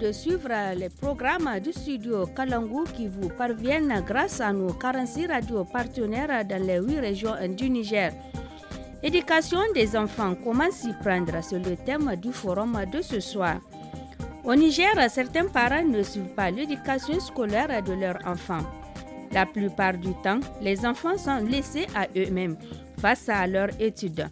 de suivre les programmes du studio Kalangu qui vous parviennent grâce à nos 46 radios partenaires dans les 8 régions du Niger. Éducation des enfants, comment s'y prendre C'est le thème du forum de ce soir. Au Niger, certains parents ne suivent pas l'éducation scolaire de leurs enfants. La plupart du temps, les enfants sont laissés à eux-mêmes face à leurs études.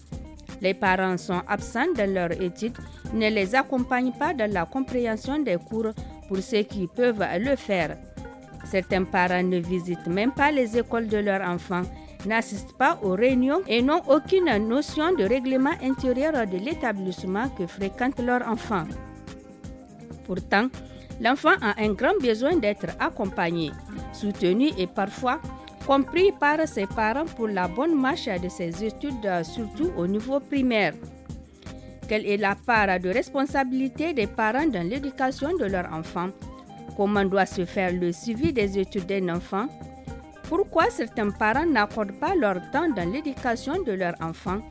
Les parents sont absents dans leurs études ne les accompagnent pas dans la compréhension des cours pour ceux qui peuvent le faire. Certains parents ne visitent même pas les écoles de leurs enfants, n'assistent pas aux réunions et n'ont aucune notion de règlement intérieur de l'établissement que fréquentent leur enfant. Pourtant, l'enfant a un grand besoin d'être accompagné, soutenu et parfois compris par ses parents pour la bonne marche de ses études, surtout au niveau primaire. Quelle est la part de responsabilité des parents dans l'éducation de leurs enfants Comment doit se faire le suivi des études d'un enfant Pourquoi certains parents n'accordent pas leur temps dans l'éducation de leurs enfants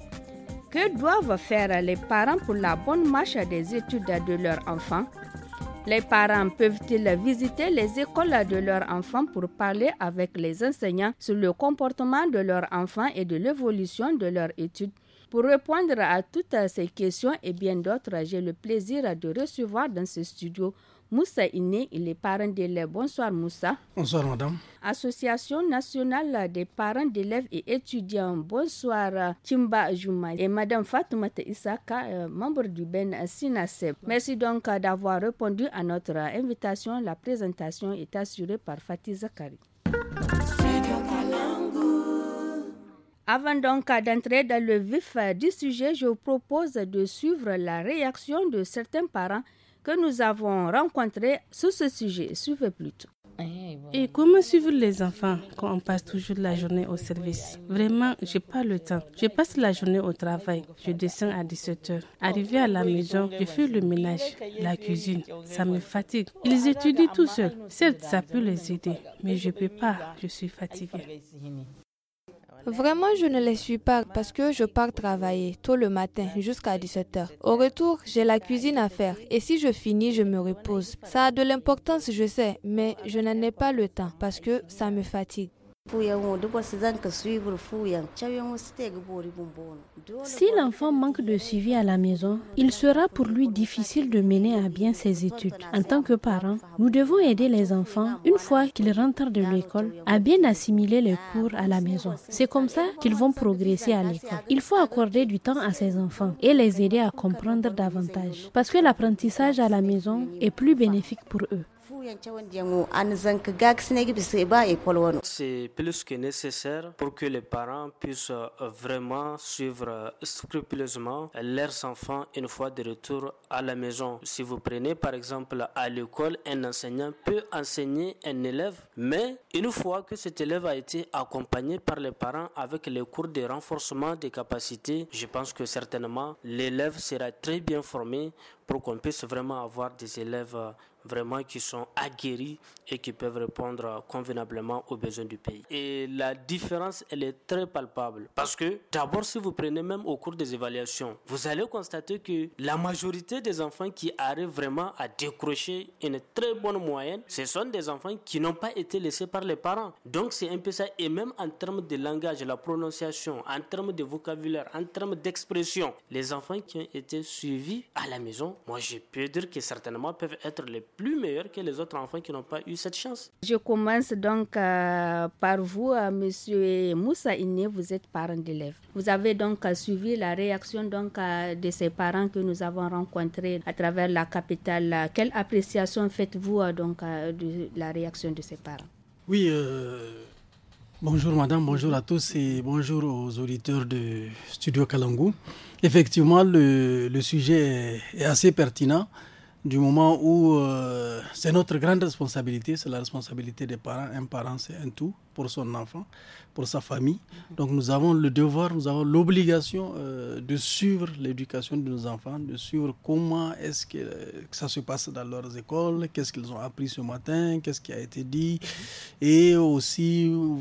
Que doivent faire les parents pour la bonne marche des études de leurs enfants les parents peuvent-ils visiter les écoles de leurs enfants pour parler avec les enseignants sur le comportement de leurs enfants et de l'évolution de leurs études pour répondre à toutes ces questions et bien d'autres, j'ai le plaisir de recevoir dans ce studio Moussa Iné, il est parent d'élèves. Bonsoir Moussa. Bonsoir madame. Association nationale des parents d'élèves et étudiants. Bonsoir Timba Juma et madame Fatoumata Isaka, euh, membre du Ben SINASEP. Merci donc d'avoir répondu à notre invitation. La présentation est assurée par Fatih Zakari. Avant donc d'entrer dans le vif du sujet, je vous propose de suivre la réaction de certains parents que nous avons rencontrés sur ce sujet. Suivez plutôt. Et comment suivre les enfants quand on passe toujours la journée au service Vraiment, j'ai pas le temps. Je passe la journée au travail. Je descends à 17h. Arrivé à la maison, je fais le ménage, la cuisine. Ça me fatigue. Ils étudient tout seuls. Certes, ça peut les aider, mais je peux pas. Je suis fatiguée. Vraiment, je ne les suis pas parce que je pars travailler tôt le matin jusqu'à 17h. Au retour, j'ai la cuisine à faire et si je finis, je me repose. Ça a de l'importance, je sais, mais je n'en ai pas le temps parce que ça me fatigue. Si l'enfant manque de suivi à la maison, il sera pour lui difficile de mener à bien ses études. En tant que parents, nous devons aider les enfants, une fois qu'ils rentrent de l'école, à bien assimiler les cours à la maison. C'est comme ça qu'ils vont progresser à l'école. Il faut accorder du temps à ces enfants et les aider à comprendre davantage, parce que l'apprentissage à la maison est plus bénéfique pour eux. C'est plus que nécessaire pour que les parents puissent euh, vraiment suivre scrupuleusement leurs enfants une fois de retour à la maison. Si vous prenez par exemple à l'école, un enseignant peut enseigner un élève, mais une fois que cet élève a été accompagné par les parents avec les cours de renforcement des capacités, je pense que certainement l'élève sera très bien formé pour qu'on puisse vraiment avoir des élèves euh, vraiment qui sont aguerris et qui peuvent répondre convenablement aux besoins du pays. Et la différence, elle est très palpable parce que d'abord, si vous prenez même au cours des évaluations, vous allez constater que la majorité des enfants qui arrivent vraiment à décrocher une très bonne moyenne, ce sont des enfants qui n'ont pas été laissés par les parents. Donc c'est un peu ça. Et même en termes de langage, la prononciation, en termes de vocabulaire, en termes d'expression, les enfants qui ont été suivis à la maison, moi je peux dire que certainement peuvent être les plus meilleur que les autres enfants qui n'ont pas eu cette chance. Je commence donc euh, par vous, euh, Monsieur Moussa Iné, vous êtes parent d'élève. Vous avez donc euh, suivi la réaction donc de ces parents que nous avons rencontrés à travers la capitale. Quelle appréciation faites-vous donc de la réaction de ces parents Oui. Bonjour madame, bonjour à tous et bonjour aux auditeurs de Studio Kalangu. Effectivement, le, sujet est assez pertinent du moment où euh, c'est notre grande responsabilité, c'est la responsabilité des parents. Un parent, c'est un tout pour son enfant, pour sa famille. Donc nous avons le devoir, nous avons l'obligation euh, de suivre l'éducation de nos enfants, de suivre comment est-ce euh, que, ça se passe dans leurs écoles, qu'est-ce qu'ils ont appris ce matin, qu'est-ce qui a été dit, et aussi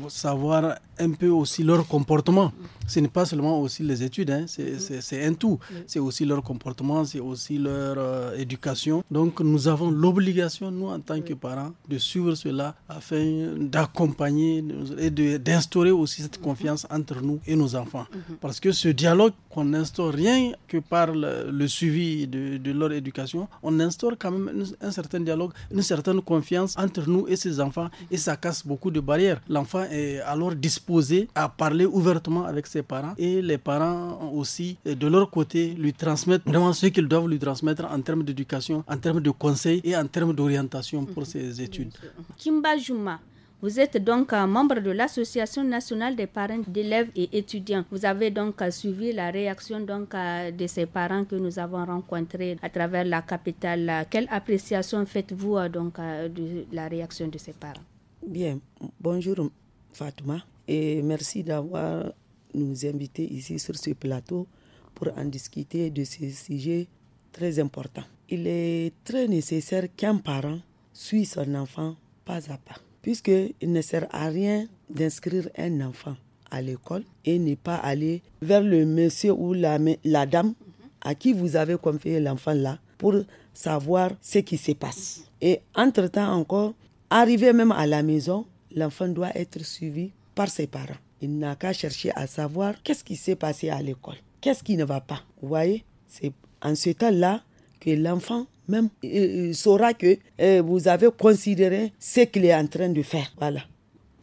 savoir un peu aussi leur comportement. Ce n'est pas seulement aussi les études, hein, c'est un tout. C'est aussi leur comportement, c'est aussi leur euh, éducation. Donc nous avons l'obligation, nous en tant que parents, de suivre cela afin d'accompagner et d'instaurer aussi cette confiance entre nous et nos enfants. Mhm. Parce que ce dialogue qu'on instaure, rien que par le, suivi de, leur éducation, on instaure quand même un certain dialogue, une certaine confiance entre nous et ses enfants et ça casse beaucoup de barrières. L'enfant est alors disposé à parler ouvertement avec ses parents et les parents aussi, euh, de leur côté, lui transmettent vraiment ce qu'ils doivent lui transmettre en termes d'éducation, en termes de conseils et en termes d'orientation pour mhm. ses études. Kimba Juma, vous êtes donc membre de l'Association nationale des parents d'élèves et étudiants. Vous avez donc suivi la réaction donc euh, de ces parents que nous avons rencontrés à travers la capitale. Quelle appréciation faites-vous euh, donc euh, de la réaction de ces parents Bien, bonjour Fatouma et merci d'avoir nous invité ici sur ce plateau pour en discuter de ce sujet très important. Il est très nécessaire qu'un parent suive son enfant pas à pas puisqu'il ne sert à rien d'inscrire un enfant à l'école et ne pas aller vers le monsieur ou la, la dame à qui vous avez confié l'enfant là pour savoir ce qui se passe. Et entre-temps encore, arrivé même à la maison, l'enfant doit être suivi par ses parents. Il n'a qu'à chercher à savoir qu'est-ce qui s'est passé à l'école, qu'est-ce qui ne va pas. Vous voyez, c'est en ce temps-là que l'enfant même euh, euh, il saura que euh, vous avez considéré ce qu'il est en train de faire. Voilà.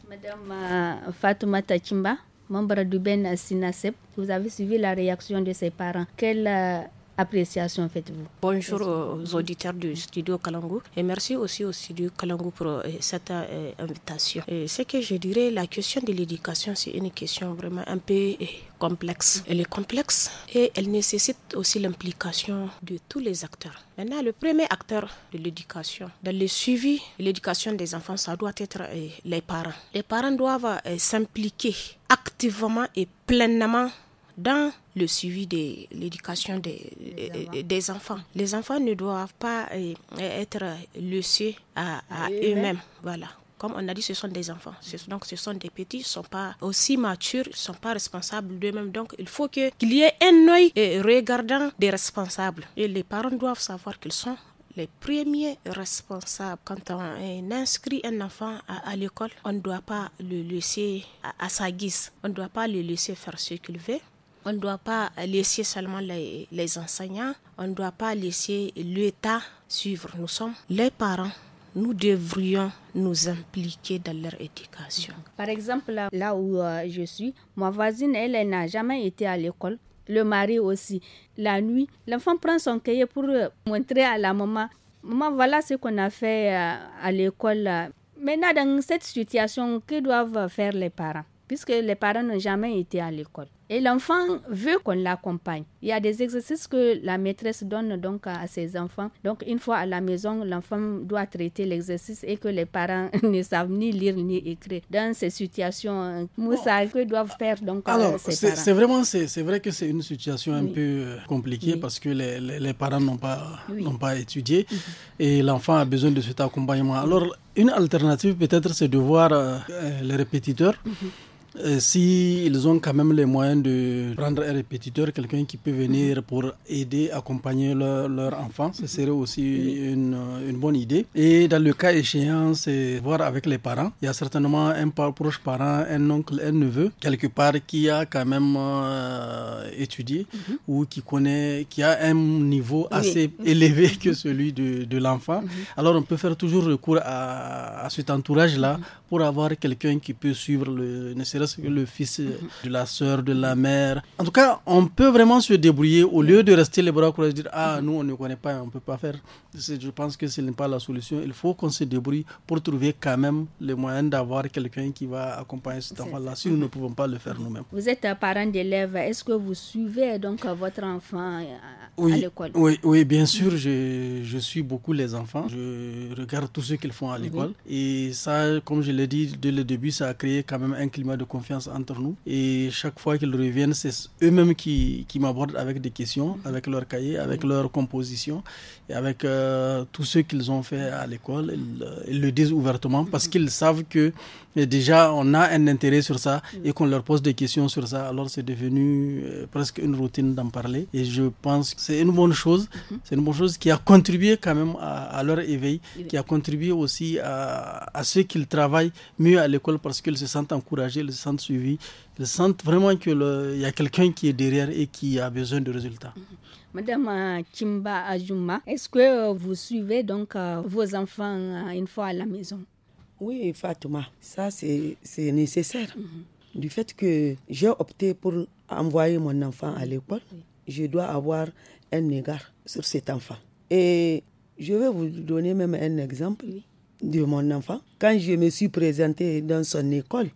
Madame Fatouma Tachimba, membre du Ben Sinasep, vous avez suivi la réaction de ses parents. Quelle appréciation faites-vous Bonjour aux auditeurs du studio Kalangu et merci aussi au studio Kalangu pour euh, cette euh, invitation. Ce que je dirais, la question de l'éducation, c'est une question vraiment un peu euh, complexe. Elle est complexe et elle nécessite aussi l'implication de tous les acteurs. Maintenant, le premier acteur de l'éducation, dans le suivi de l'éducation des enfants, ça doit être les parents. Les parents doivent s'impliquer activement et pleinement dans le suivi de l'éducation euh, des, enfants. Les enfants ne doivent pas euh, être laissés à, eux-mêmes. Voilà. Comme on a dit, ce sont des enfants. Donc, ce sont des petits, ils ne sont pas aussi matures, ils ne sont pas responsables d'eux-mêmes. Donc, il faut qu'il y ait un œil euh, regardant des responsables. Et les parents doivent savoir qu'ils sont les premiers responsables. Quand on inscrit un enfant à, l'école, on ne doit pas le laisser à sa guise. On ne doit pas le laisser faire ce qu'il veut. On ne doit pas laisser seulement les, enseignants, on ne doit pas laisser l'État suivre. Nous sommes les parents nous devrions nous impliquer dans leur éducation. Par exemple, là, où euh, je suis, ma voisine, elle, n'a jamais été à l'école. Le mari aussi. La nuit, l'enfant prend son cahier pour euh, montrer à la maman, maman, voilà ce qu'on a fait euh, à l'école. Maintenant, dans cette situation, que doivent faire les parents Puisque les parents n'ont jamais été à l'école. Et l'enfant veut qu'on l'accompagne. Il y a des exercices que la maîtresse donne donc à, ses enfants. Donc une fois à la maison, l'enfant doit traiter l'exercice et que les parents ne savent ni lire ni écrire. Dans ces situations, euh, Moussa, que doivent faire donc euh, Alors, c'est vraiment, c'est vrai que c'est une situation un peu euh, compliquée parce que les, les, parents n'ont pas, n'ont pas étudié et l'enfant a besoin de cet accompagnement. Alors, une alternative peut-être, c'est de voir les répétiteurs. Euh, s'ils si ils ont quand même les moyens de prendre un répétiteur, quelqu'un qui peut venir pour aider, accompagner leur, enfant, ce serait aussi une, bonne idée. Et dans le cas échéant, c'est voir avec les parents. Il y a certainement un proche parent, un oncle, un neveu, quelque part qui a quand même euh, étudié mhm. ou qui connaît, qui a un niveau assez élevé que celui de, l'enfant. Mhm. Alors on peut faire toujours recours à, à cet entourage-là mhm pour avoir quelqu'un qui peut suivre le, ne que le fils de la soeur, de la mère. En tout cas, on peut vraiment se débrouiller au lieu de rester les bras croisés et dire Ah, nous, on ne connaît pas, on ne peut pas faire. Je pense que ce n'est pas la solution. Il faut qu'on se débrouille pour trouver quand même les moyens d'avoir quelqu'un qui va accompagner cet enfant-là si nous ne pouvons pas le faire nous-mêmes. Vous êtes un parent d'élève. Est-ce que vous suivez donc votre enfant euh, à, l'école oui, oui, bien sûr. Je, je suis beaucoup les enfants. Je regarde tout ce qu'ils font à l'école. Et ça, comme je l'ai dit dès le début, ça a créé quand même un climat de confiance entre nous. Et chaque fois qu'ils reviennent, c'est eux-mêmes qui, qui m'abordent avec des questions, mhm. avec leur cahier, avec mhm. leur composition et avec euh, tout ce qu'ils ont fait à l'école. Ils, euh, le disent ouvertement parce mhm. qu'ils savent que déjà on a un intérêt sur ça et qu'on leur pose des questions sur ça. Alors c'est devenu euh, presque une routine d'en parler. Et je pense que c'est une bonne chose. C'est une bonne chose qui a contribué quand même à, leur éveil, qui a contribué aussi à, à ce qu'ils travaillent mieux à l'école parce qu'ils se sentent encouragés, ils se sentent suivis, ils sentent vraiment qu'il y a quelqu'un qui est derrière et qui a besoin de résultats. Mhm. Madame euh, Kimba Ajuma, est-ce que euh, vous suivez donc euh, vos enfants une fois à la maison Oui, Fatouma, ça c'est nécessaire. Mhm. Du fait que j'ai opté pour envoyer mon enfant à l'école, je dois avoir un égard sur cet enfant. Et je vais vous donner même un exemple. Oui de mon enfant. Quand je me suis présentée dans son école,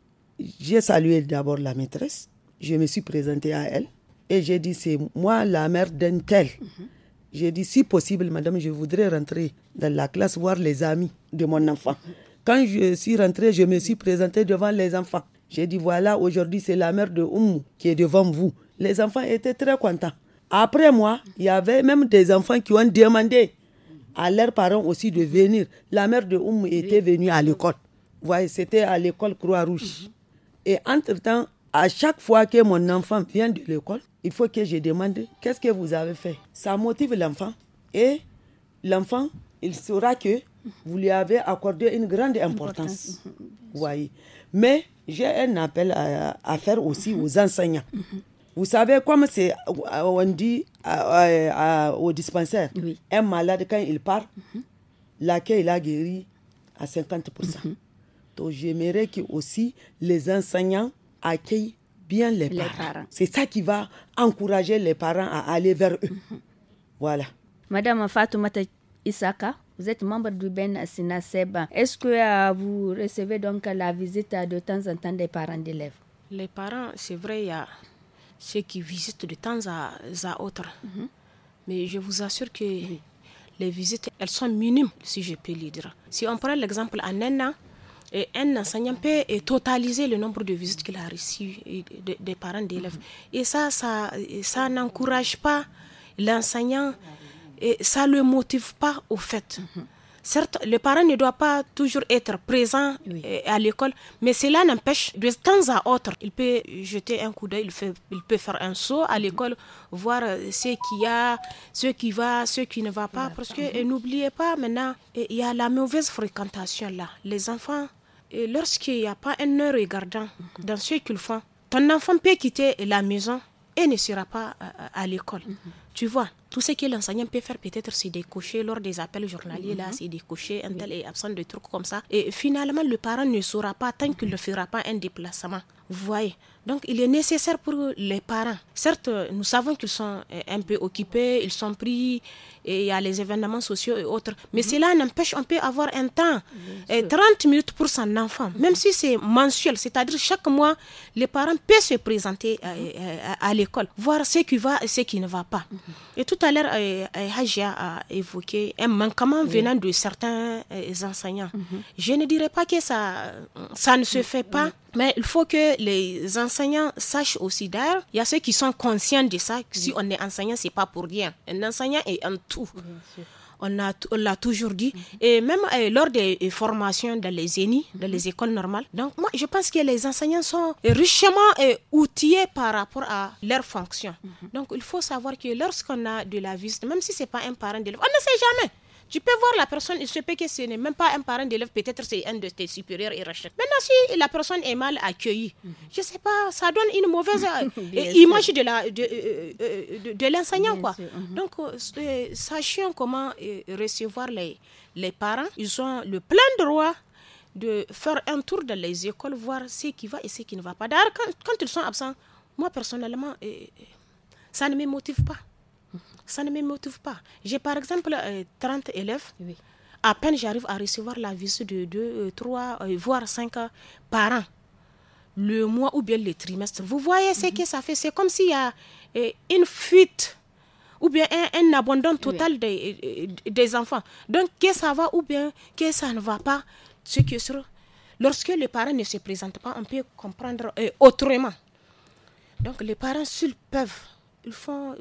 j'ai salué d'abord la maîtresse. Je me suis présentée à elle et j'ai dit c'est moi la mère d'un tel. Mhm. J'ai dit si possible, madame, je voudrais rentrer dans la classe voir les amis de mon enfant. Mhm. Quand je suis rentrée, je me suis présentée devant les enfants. J'ai dit voilà, aujourd'hui c'est la mère de Oumou qui est devant vous. Les enfants étaient très contents. Après moi, il y avait même des enfants qui ont demandé à leurs parents aussi de venir. La mère de Oum était venue à l'école. voyez, c'était à l'école Croix-Rouge. Mhm. Et entre-temps, à chaque fois que mon enfant vient de l'école, il faut que je demande qu'est-ce que vous avez fait. Ça motive l'enfant. Et l'enfant, il saura que vous lui avez accordé une grande importance. voyez. Mais j'ai un appel à faire aussi mhm. aux enseignants. Mhm. Vous savez, comme c'est, euh, on dit euh, euh, au dispensaire, un malade, quand il part, mhm. l'accueil a guéri à 50%. Mhm. Donc, j'aimerais que aussi les enseignants accueillent bien les, parents. C'est ça qui va encourager les parents à aller vers eux. Mhm. Voilà. Madame Fatoumata Isaka, vous êtes membre du Ben Sina Seba. Est-ce que vous recevez donc la visite de temps en temps des parents d'élèves Les parents, c'est vrai, il y a ceux qui visitent de temps à, autre. Mhm. Mais je vous assure que les visites, elles sont minimes, si je peux le dire. Si on prend l'exemple en un an, un enseignant peut totaliser le nombre de visites qu'il a reçues des parents d'élèves. Mhm. Et ça, ça, ça n'encourage pas l'enseignant, et ça ne le motive pas au fait. Mhm. Certes, le parent ne doit pas toujours être présent euh, à l'école, mais cela n'empêche, de temps à autre, il peut jeter un coup d'œil, il, peut faire un saut à l'école, voir euh, ce qu'il y a, ce qui va, ce qui ne va pas. Parce que mhm. n'oubliez pas maintenant, il y a la mauvaise fréquentation là. Les enfants, lorsqu'il n'y a pas un heure regardant mhm. dans ce qu'ils font, ton enfant peut quitter la maison et ne sera pas euh, à, l'école. Mhm. Tu vois tout ce que l'enseignant peut faire peut-être c'est décocher lors des appels journaliers, là, c'est mhm. décocher, un tel est absent de trucs comme ça. Et finalement, le parent ne saura pas tant qu'il ne mhm. fera pas un déplacement. Vous voyez donc, il est nécessaire pour les parents. Certes, nous savons qu'ils sont euh, un peu occupés, ils sont pris, et il y a les événements sociaux et autres. Mais mhm. cela n'empêche, on peut avoir un temps, et euh, 30 minutes pour son enfant, même si c'est mensuel, c'est-à-dire chaque mois, les parents peuvent se présenter euh, à, l'école, voir ce qui va et ce qui ne va pas. Et tout tout à l'heure, euh, euh, Hajia a évoqué un manquement venant de certains euh, enseignants. Mhm. Je ne dirais pas que ça, ça ne se fait pas. Mais il faut que les enseignants sachent aussi d'ailleurs, il y a ceux qui sont conscients de ça. Si on est enseignant, c'est pas pour rien. Un enseignant est un tout on l'a toujours dit. Mhm. Et même euh, lors des euh, formations dans les ENI, dans mhm. les écoles normales. Donc, moi, je pense que les enseignants sont richement euh, outillés par rapport à leur fonction. Mhm. Donc, il faut savoir que lorsqu'on a de la visite, même si ce n'est pas un parent d'élève, on ne sait jamais. Tu peux voir la personne, il se peut que ce n'est même pas un parent d'élève, peut-être c'est un de tes supérieurs Maintenant, si la personne est mal accueillie, mhm. je ne sais pas, ça donne une mauvaise euh, image de la de, euh, euh, l'enseignant. Uh-huh. Donc, sachant comment recevoir les, les parents. Ils ont le plein droit de faire un tour dans les écoles, voir ce qui va et ce qui ne va pas. D'ailleurs, quand ils sont absents, moi personnellement, ça ne me motive pas ça ne me motive pas. J'ai par exemple 30 euh, élèves. À peine j'arrive à recevoir la visite de 2, 3, euh, euh, voire 5 parents Le mois ou bien le trimestre. Vous voyez ce mhm. que ça fait. C'est comme s'il y a une fuite ou bien un, abandon total des, enfants. Donc, que ça va ou bien que ça ne va pas, lorsque les parents ne se présentent pas, on peut comprendre autrement. Donc, les parents seuls peuvent il faut,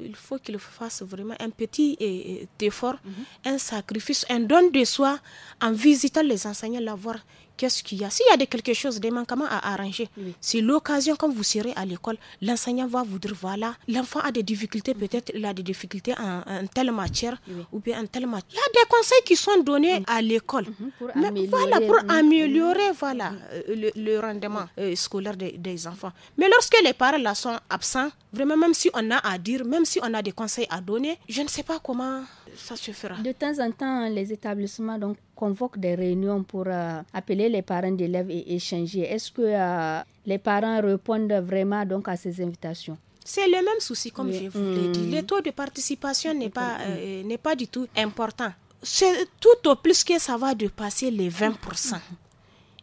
il faut vraiment un petit eh, eh, effort, mhm. un sacrifice, un don de soi en visitant les enseignants, l'avoir voir qu'est-ce qu'il y a S'il y a quelque chose, des manquements à arranger, c'est l'occasion quand vous serez à l'école, l'enseignant va vous dire voilà, l'enfant a des difficultés, peut-être il a des difficultés en, telle matière ou bien en telle matière. Il y a des conseils qui sont donnés à l'école. Mhm, pour voilà, pour améliorer voilà, euh, le, rendement euh, scolaire des, des, enfants. Mais lorsque les parents là sont absents, vraiment, même si on a à dire, même si on a des conseils à donner, je ne sais pas comment ça se fera. De temps en temps, les établissements donc, convoque des réunions pour euh, appeler les parents d'élèves et échanger. Est-ce que euh, les parents répondent vraiment donc à ces invitations c'est le même souci, comme je vous l'ai dit. Mm. Le taux de participation n'est pas, mm. euh, n'est pas du tout important. C'est tout au plus que ça va dépasser les 20%. Mm.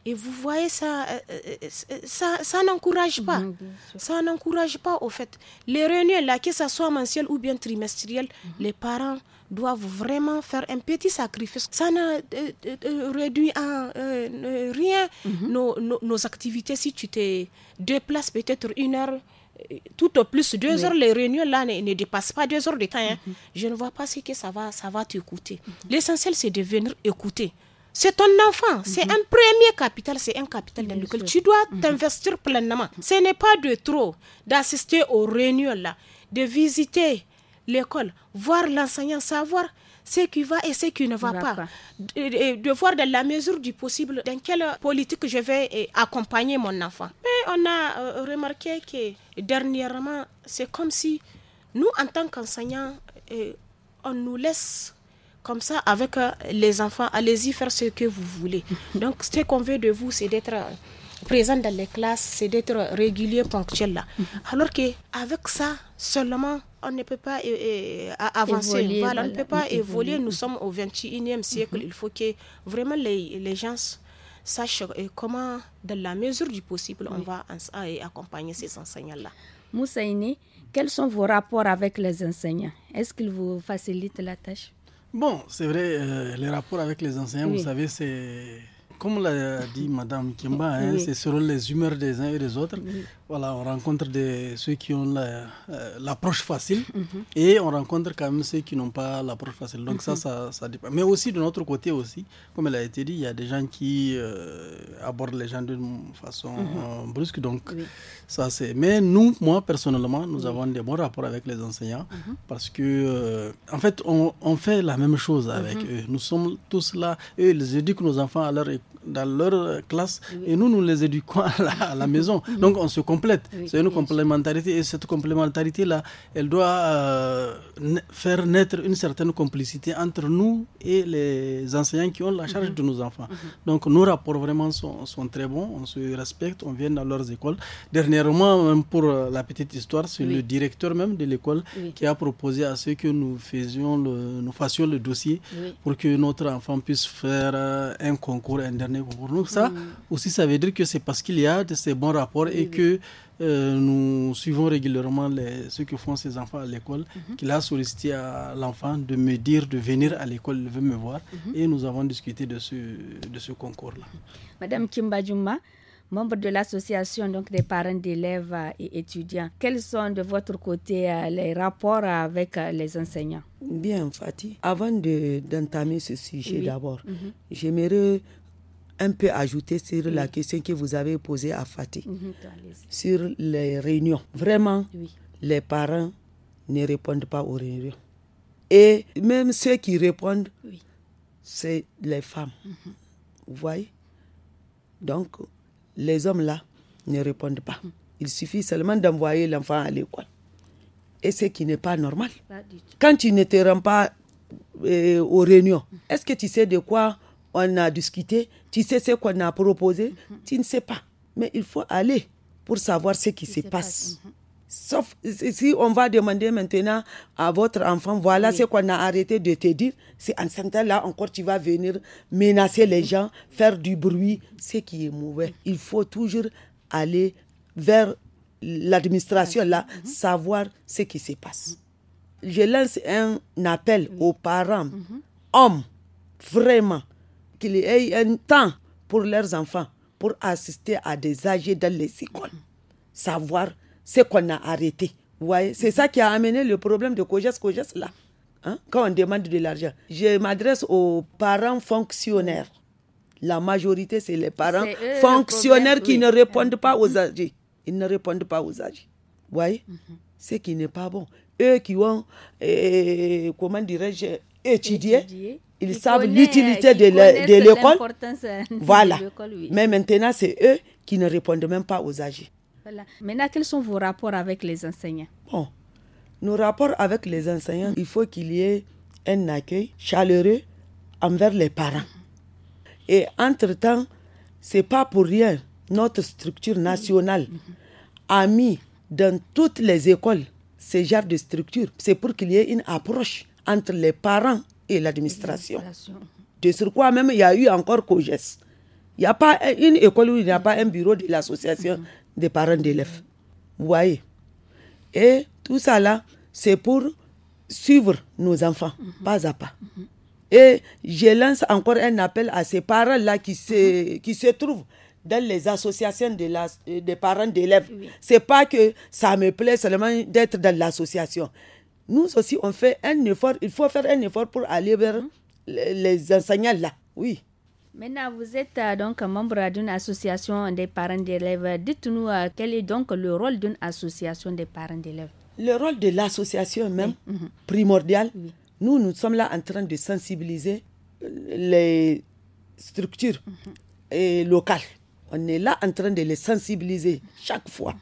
Et vous voyez, ça, ça, ça n'encourage pas. ça n'encourage pas, au fait. Les réunions, là, que ce soit mensuelles ou bien trimestrielles, mm-hmm. les parents doivent vraiment faire un petit sacrifice. Ça ne euh, euh, euh, réduit en rien mhm. nos, nos, activités. Si tu te déplaces peut-être une heure, tout au plus deux heures, les réunions là ne, ne, dépassent pas deux heures de temps. Hein. Mhm. Je ne vois pas ce que ça va, ça va t'écouter. L'essentiel, c'est de venir écouter. C'est ton enfant, c'est mhm. un premier capital, c'est un capital dans lequel tu dois t'investir pleinement. Ce n'est pas de trop d'assister aux réunions là, de visiter l'école, voir l'enseignant, savoir ce qui va et ce qui ne va, pas. De, voir dans la mesure du possible dans quelle politique je vais eh, accompagner mon enfant. Mais on a euh, remarqué que dernièrement, c'est comme si nous, en tant qu'enseignants, eh, on nous laisse comme ça avec euh, les enfants. Allez-y faire ce que vous voulez. Donc, ce qu'on veut de vous, c'est d'être euh, présent dans les classes, c'est d'être régulier, ponctuel là. Alors que avec ça, seulement on ne peut pas euh, euh, avancer, on ne peut pas évoluer. Nous sommes au 21e siècle, mm-hmm. il faut que vraiment les, gens sachent euh, comment, dans la mesure du possible, on va accompagner ces enseignants-là. Moussaïni, quels sont vos rapports avec les enseignants Est-ce qu'ils vous facilitent la tâche Bon, c'est vrai, les rapports avec les enseignants, vous savez, c'est comme l'a dit Madame Kimba, hein, c'est selon les humeurs des uns et des autres voilà, on rencontre des, ceux qui ont euh, l'approche facile mhm. et on rencontre quand même ceux qui n'ont pas l'approche facile. Donc mhm. ça, ça, dépend. Mais aussi de notre côté aussi, comme elle a été dit, il y a des gens qui euh, abordent les gens d'une façon mhm. euh, brusque. Donc ça c'est. Mais nous, moi personnellement, nous avons des bons rapports avec les enseignants parce que en fait, on, fait la même chose avec eux. Nous sommes tous là. Eux, ils éduquent nos enfants à leur dans leur euh, classe et nous, nous les éduquons à la, maison. Donc on se complète. c'est une complémentarité et cette complémentarité-là, elle doit euh, faire naître une certaine complicité entre nous et les enseignants qui ont la charge mm-hmm. de nos enfants. Mm-hmm. Donc nos rapports vraiment sont, sont, très bons, on se respecte, on vient dans leurs écoles. Dernièrement, même pour euh, la petite histoire, c'est le directeur même de l'école qui a proposé à ceux que nous faisions nous fassions le dossier pour que notre enfant puisse faire un concours, un dernier pour nous, ça mm. aussi, ça veut dire que c'est parce qu'il y a de ces bons rapports et que euh, nous suivons régulièrement les, ce que font ces enfants à l'école, mm-hmm. qu'il a sollicité à l'enfant de me dire de venir à l'école, il veut me voir. Mm-hmm. Et nous avons discuté de ce, de ce concours-là. Mm-hmm. Madame Kimba membre de l'association donc des parents d'élèves et étudiants, quels sont de votre côté euh, les rapports avec euh, les enseignants Bien, Fatih. Avant d'entamer ce sujet d'abord, j'aimerais un peu ajouter sur la question que vous avez posée à Fatih, mhm, sur les réunions. Vraiment, les parents ne répondent pas aux réunions. Et même ceux qui répondent, c'est les femmes. Mhm. Vous voyez Donc, les hommes-là ne répondent pas. Mhm. Il suffit seulement d'envoyer l'enfant à l'école. Et ce qui n'est pas normal. Quand tu ne te rends pas euh, aux réunions, est-ce que tu sais de quoi on a discuté, tu sais ce qu'on a proposé, mm-hmm. tu ne sais pas. Mais il faut aller pour savoir ce qui se, passe. Mm-hmm. Sauf si on va demander maintenant à votre enfant, voilà ce qu'on a arrêté de te dire, c'est en ce temps-là encore tu vas venir menacer les gens, faire du bruit, ce qui est mauvais. Mm-hmm. Il faut toujours aller vers l'administration, là, savoir ce qui se passe. Je lance un appel aux parents, hommes, vraiment, qu'il y ait un temps pour leurs enfants, pour assister à des âgés dans les écoles, savoir ce qu'on a arrêté. ouais c'est ça qui a amené le problème de COGES, COGES là. Hein? Quand on demande de l'argent, je m'adresse aux parents fonctionnaires. La majorité, c'est les parents fonctionnaires qui ne répondent pas aux mm-hmm. âgés. Ils ne répondent pas aux âgés. ouais mm-hmm. Ce qui n'est pas bon. Eux qui ont, eh, comment dirais-je, étudié, ils savent l'utilité de l'école. Voilà. Mais maintenant, c'est eux qui ne répondent même pas aux âgés. Maintenant, quels sont vos rapports avec les enseignants Bon, nos rapports avec les enseignants, il faut qu'il y ait un accueil chaleureux envers les parents. Et entre-temps, c'est pas pour rien. Notre structure nationale a mis dans toutes les écoles ce genre de structure. C'est pour qu'il y ait une approche entre les parents et l'administration. De sur quoi même, il y a eu encore COGES. Il n'y a pas une école où il n'y a pas un bureau de l'association des parents d'élèves. Vous voyez Et tout ça là, c'est pour suivre nos enfants, pas à pas. Et je lance encore un appel à ces parents-là qui se, qui se trouvent dans les associations de la, des parents d'élèves. C'est pas que ça me plaît seulement d'être dans l'association nous aussi, on fait un effort. Il faut faire un effort pour aller vers hein? les enseignants là. Oui. Maintenant, vous êtes euh, donc membre d'une association des parents d'élèves. Dites-nous euh, quel est donc le rôle d'une association des parents d'élèves. Le rôle de l'association même, mhm. primordial, nous, nous sommes là en train de sensibiliser euh, les structures mhm. et locales. On est là en train de les sensibiliser chaque fois.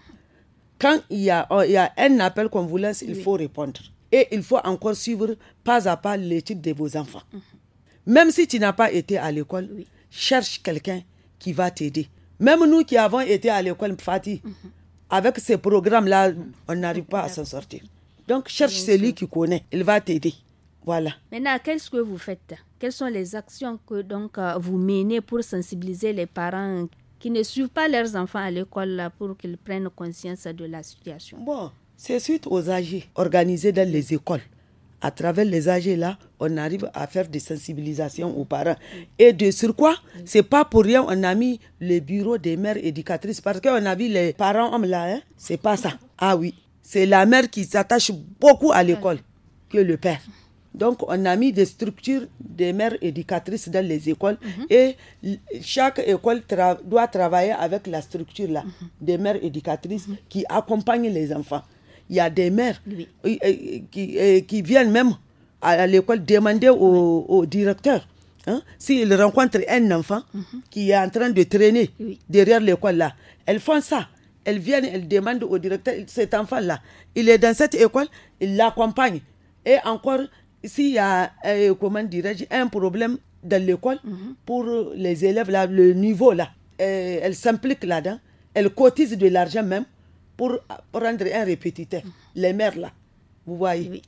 Quand il y a, a un appel qu'on vous lance, il faut répondre. Et il faut encore suivre pas à pas l'étude de vos enfants. Même si tu n'as pas été à l'école, cherche quelqu'un qui va t'aider. Même nous qui avons été à l'école Fatih, mhm. avec ces programmes-là, on n'arrive pas à s'en sortir. Donc cherche celui qui connaît, il va t'aider. Voilà. Maintenant, qu'est-ce que vous faites Quelles sont les actions que donc euh, vous menez pour sensibiliser les parents qui ne suivent pas leurs enfants à l'école pour qu'ils prennent conscience de la situation Bon, c'est suite aux AG organisés dans les écoles. À travers les AG, là, on arrive à faire des sensibilisations aux parents. Et de sur quoi C'est pas pour rien on a mis le bureau des mères éducatrices parce qu'on a vu les parents hommes là. Hein? C'est pas ça. Ah oui, c'est la mère qui s'attache beaucoup à l'école que le père. Donc, on a mis des structures des mères éducatrices dans les écoles mhm. et chaque école doit travailler avec la structure là, mhm. des mères éducatrices mhm. qui accompagnent les enfants il y a des mères euh, euh, qui, euh, qui, viennent même à l'école demander au, directeur hein, s'il rencontre un enfant mhm. qui est en train de traîner derrière l'école là. Elles font ça. Elles viennent, elles demandent au directeur, cet enfant-là, il est dans cette école, il l'accompagne. Et encore, s'il y a, comment dirais un problème dans l'école, mhm. pour les élèves, là, le niveau là, elles s'impliquent là-dedans, elles cotisent de l'argent même pour rendre un répétiteur. Mm. Les mères là, vous voyez.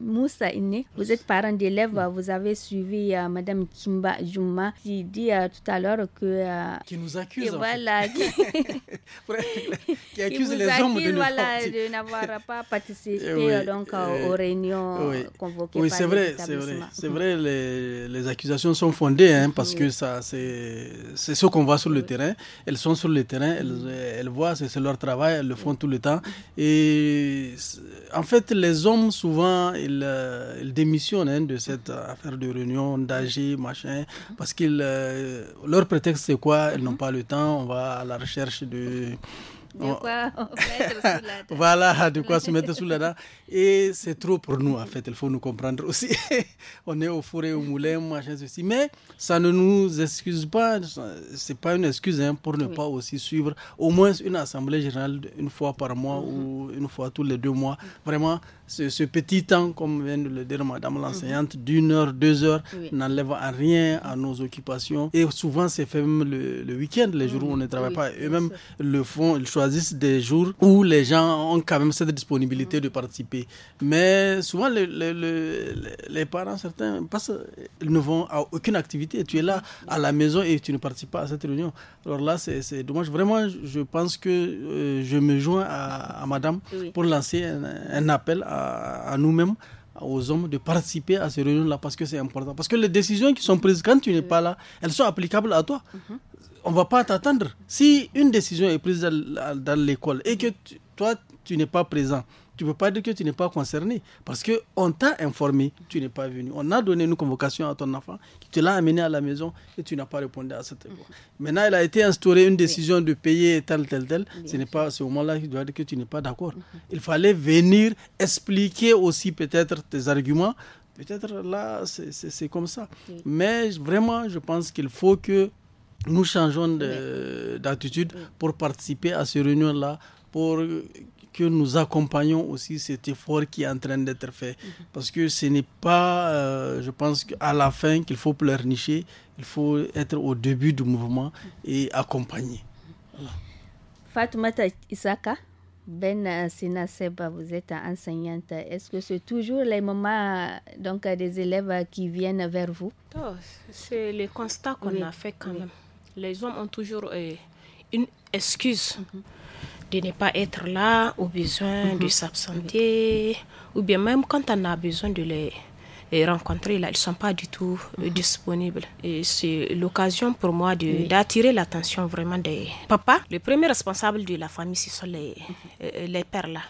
Moussa Iné, vous êtes parent d'élèves, vous avez suivi Mme euh, Madame Kimba Juma qui dit euh, tout à l'heure que... Euh, qui nous accuse. Voilà, qui, qui, accuse les hommes de n'avoir pas participé donc, aux réunions convoquées. Oui, c'est vrai, c'est vrai. C'est vrai, les, accusations sont fondées hein, parce que ça, c'est ce qu'on voit sur le terrain. Elles sont sur le terrain, elles voient, c'est leur travail, elles le font tout le temps. Et en fait, les hommes, souvent, il, euh, démissionnent hein, de cette euh, affaire de réunion d'agir, machin, parce que euh, leur prétexte c'est quoi Ils n'ont mhm. pas le temps, on va à la recherche de Oh. voilà, de quoi se mettre sous la dent. Et c'est trop pour nous, en fait. Il faut nous comprendre aussi. on est au four au moulin, machin, ceci. Mais ça ne nous excuse pas. C'est pas une excuse hein, pour ne pas aussi suivre au moins une assemblée générale une fois par mois mm-hmm. ou une fois tous les deux mois. Vraiment, ce, petit temps, comme vient de le dire madame mm-hmm. l'enseignante, d'une heure, deux heures, n'enlève à rien à nos occupations. Et souvent, c'est fait même le, week-end, les jours où on ne mm-hmm. travaille pas. Et le fond, ils des jours où les gens ont quand même cette disponibilité de participer. Mais souvent, les, parents, certains, passent, ils ne vont à aucune activité. Tu es là à la maison et tu ne participes pas à cette réunion. Alors là, c'est dommage. Vraiment, je pense que euh, je me joins à, madame pour lancer un, appel à, nous-mêmes aux hommes de participer à ces réunions-là parce que c'est important. Parce que les décisions qui sont prises quand tu n'es pas là, elles sont applicables à toi. Mhm on va pas t'attendre. Si une décision est prise dans, l'école et que toi, tu n'es pas présent, tu ne peux pas dire que tu n'es pas concerné parce que on t'a informé, tu n'es pas venu. On a donné une convocation à ton enfant qui te l'a amené à la maison et tu n'as pas répondu à cette voix. Maintenant, il a été instauré une décision de payer tel, tel, tel. ce n'est pas ce moment-là qu'il doit dire que tu n'es pas d'accord. Il fallait venir expliquer aussi peut-être tes arguments. Peut-être là, c'est comme ça. Mais vraiment, je pense qu'il faut que nous changeons d'attitude pour participer à ces réunions-là, pour que nous accompagnions aussi cet effort qui est en train d'être fait. Mhm. Parce que ce n'est pas, euh, je pense, à la fin qu'il faut pleurnicher, il faut être au début du mouvement mhm. et accompagner. Fatoumata Isaka, Ben Sina Seba, vous êtes enseignante. Est-ce que c'est toujours les moments donc, des élèves qui viennent vers vous oh, C'est le constat qu'on a fait quand même les hommes ont toujours euh, une excuse de ne pas être là, au besoin de mhm. s'absenter, ou bien même quand on a besoin de les rencontrer là, ils ne sont pas du tout euh, mhm. disponibles. Et c'est l'occasion pour moi d'attirer l'attention vraiment des papas. Les premiers responsables de la famille, ce sont les, mhm. euh, les pères là.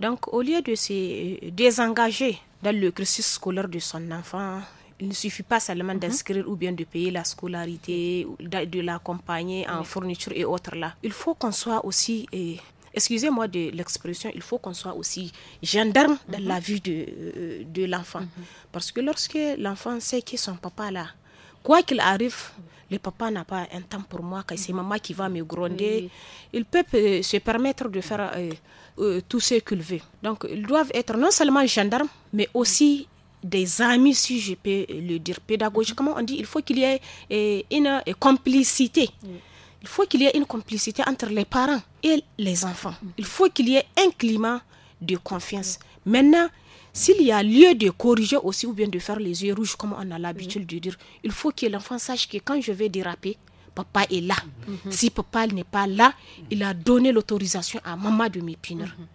Donc au lieu de se désengager dans le cursus scolaire de son enfant, il ne suffit pas seulement mhm. d'inscrire ou bien de payer la scolarité, de, l'accompagner en fourniture et autres là. Il faut qu'on soit aussi excusez-moi de l'expression, il faut qu'on soit aussi gendarme dans mhm. la vie de, euh, de l'enfant. Mhm. Parce que lorsque l'enfant sait que son papa là, quoi qu'il arrive, le papa n'a pas un temps pour moi, c'est maman qui va me gronder. Il peut euh, se permettre de faire euh, tout ce qu'il veut. Donc, ils doivent être non seulement gendarmes, mais aussi des amis, si je peux le dire pédagogiquement, on dit il faut qu'il y ait eh, une eh, complicité. Il faut qu'il y ait une complicité entre les parents et les enfants. Il faut qu'il y ait un climat de confiance. Maintenant, s'il y a lieu de corriger aussi ou bien de faire les yeux rouges comme on a l'habitude de dire, il faut que l'enfant sache que quand je vais déraper, papa est là. Mhm. Si papa n'est pas là, il a donné l'autorisation à maman de m'épiner. Mhm.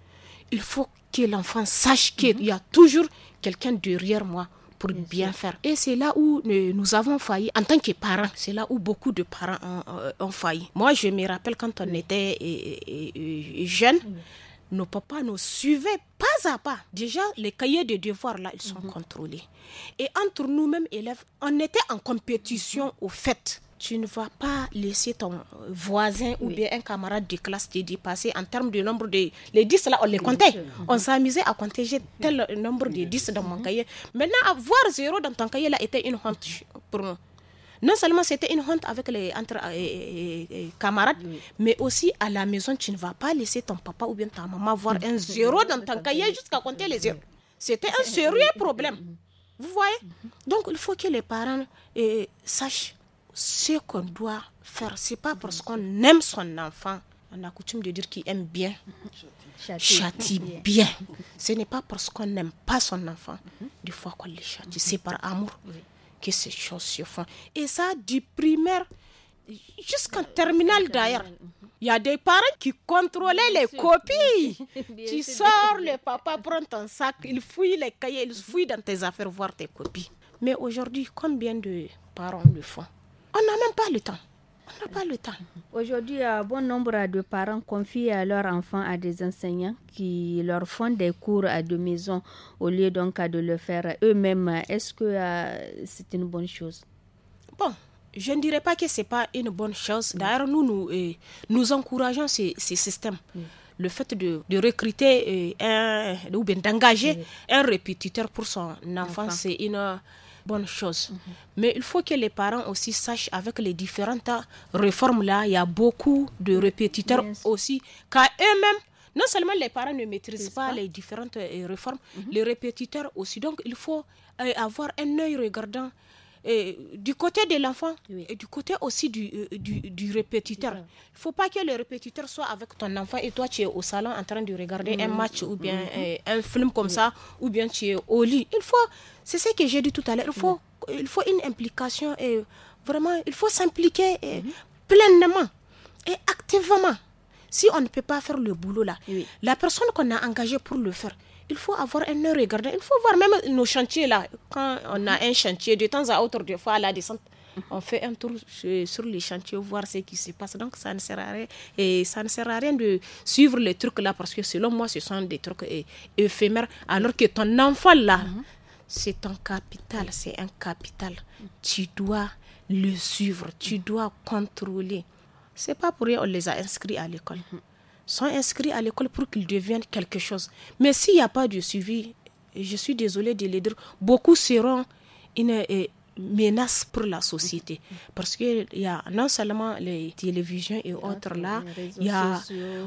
Il faut que l'enfant sache qu'il y a toujours quelqu'un derrière moi pour bien, faire. Et c'est là où nous avons failli en tant que parents. C'est là où beaucoup de parents ont, euh, failli. Moi, je me rappelle quand on était euh, euh, jeunes, mm. nos papas nous suivaient pas à pas. Déjà, les cahiers de devoirs, là, ils sont mm-hmm. contrôlés. Et entre nous-mêmes, élèves, on était en compétition mm-hmm. au fait tu ne vas pas laisser ton voisin ou bien un camarade de classe te dépasser en termes de nombre de. Les 10 là, on les comptait. On s'amusait à compter. J'ai tel nombre de 10 dans mon mhm. cahier. Maintenant, avoir zéro dans ton cahier là était une honte pour nous. Non seulement c'était une honte avec les euh, euh, euh, camarades, mais aussi à la maison, tu ne vas pas laisser ton papa ou bien ta maman voir un zéro dans ton cahier jusqu'à compter les zéros. C'était un sérieux problème. Vous voyez mhm. Donc il faut que les parents sachent ce qu'on doit faire, c'est pas parce qu'on aime son enfant. On a coutume de dire qu'il aime bien, châtie, bien. Ce n'est pas parce qu'on n'aime pas son enfant, des fois qu'on le châtie. C'est par amour que ces choses se font. Et ça, du primaire jusqu'en terminale d'ailleurs. Il y a des parents qui contrôlaient les copies. tu sors, le papa prend ton sac, il fouille les cahiers, il fouille dans tes affaires, voir tes copies. Mais aujourd'hui, combien de parents le font on n'a même pas le temps. On n'a pas le temps. Aujourd'hui, euh, bon nombre de parents confient leurs enfants à des enseignants qui leur font des cours à deux maisons au lieu donc de le faire eux-mêmes. Est-ce que euh, c'est une bonne chose Bon, je ne dirais pas que ce n'est pas une bonne chose. D'ailleurs, nous, nous, euh, nous encourageons ces, systèmes. le fait de, de recruter ou bien d'engager un répétiteur pour son enfant. c'est une bonne chose. Mhm. Mais il faut que les parents aussi sachent avec les différentes réformes-là, il y a beaucoup de répétiteurs aussi, car eux-mêmes, non seulement les parents ne maîtrisent pas, les différentes euh, réformes, mhm. les répétiteurs aussi. Donc il faut euh, avoir un œil regardant du côté de l'enfant et du côté aussi du, euh, du, répétiteur. Il ne faut pas que le répétiteur soit avec ton enfant et toi tu es au salon en train de regarder un mhm. match ou bien mhm. un film comme ça ou bien tu es au lit. Il faut, c'est ce que j'ai dit tout à l'heure, il faut, il faut une implication et vraiment il faut s'impliquer mhm. pleinement et activement. Si on ne peut pas faire le boulot là, la personne qu'on a engagée pour le faire, il faut avoir un œil Il faut voir même nos chantiers là. Quand on a un chantier, de temps à autre, des fois à la descente, on fait un tour sur les chantiers, voir ce qui se passe. Donc, ça ne sert à rien, et ça ne sert rien de suivre les trucs là parce que selon moi, ce sont des trucs eh, éphémères. Alors que ton enfant là, mhm. c'est ton capital, c'est un capital. Tu dois le suivre, tu dois contrôler. C'est pas pour rien on les a inscrits à l'école. sont inscrits à l'école pour qu'ils deviennent quelque chose. Mais s'il n'y a pas de suivi, je suis désolée de les dire, beaucoup seront une, menace pour la société. Mhm. Mhm. Parce qu'il y a non seulement les télévisions et autres là, il y a,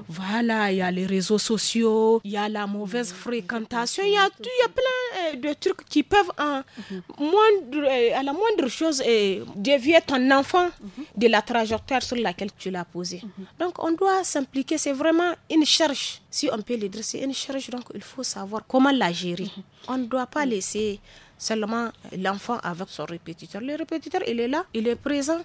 voilà, il y a les réseaux sociaux, il y a la mauvaise mhm. fréquentation, il y a, y a plein euh, de trucs qui peuvent, moindre, euh, à la moindre chose, euh, dévier ton enfant de la trajectoire sur laquelle tu l'as posé. Donc on doit s'impliquer, c'est vraiment une charge. Si on peut le dire, c'est une charge, donc il faut savoir comment la gérer. On ne doit pas laisser Seulement, l'enfant avec son répétiteur, le répétiteur, il est là, il est présent.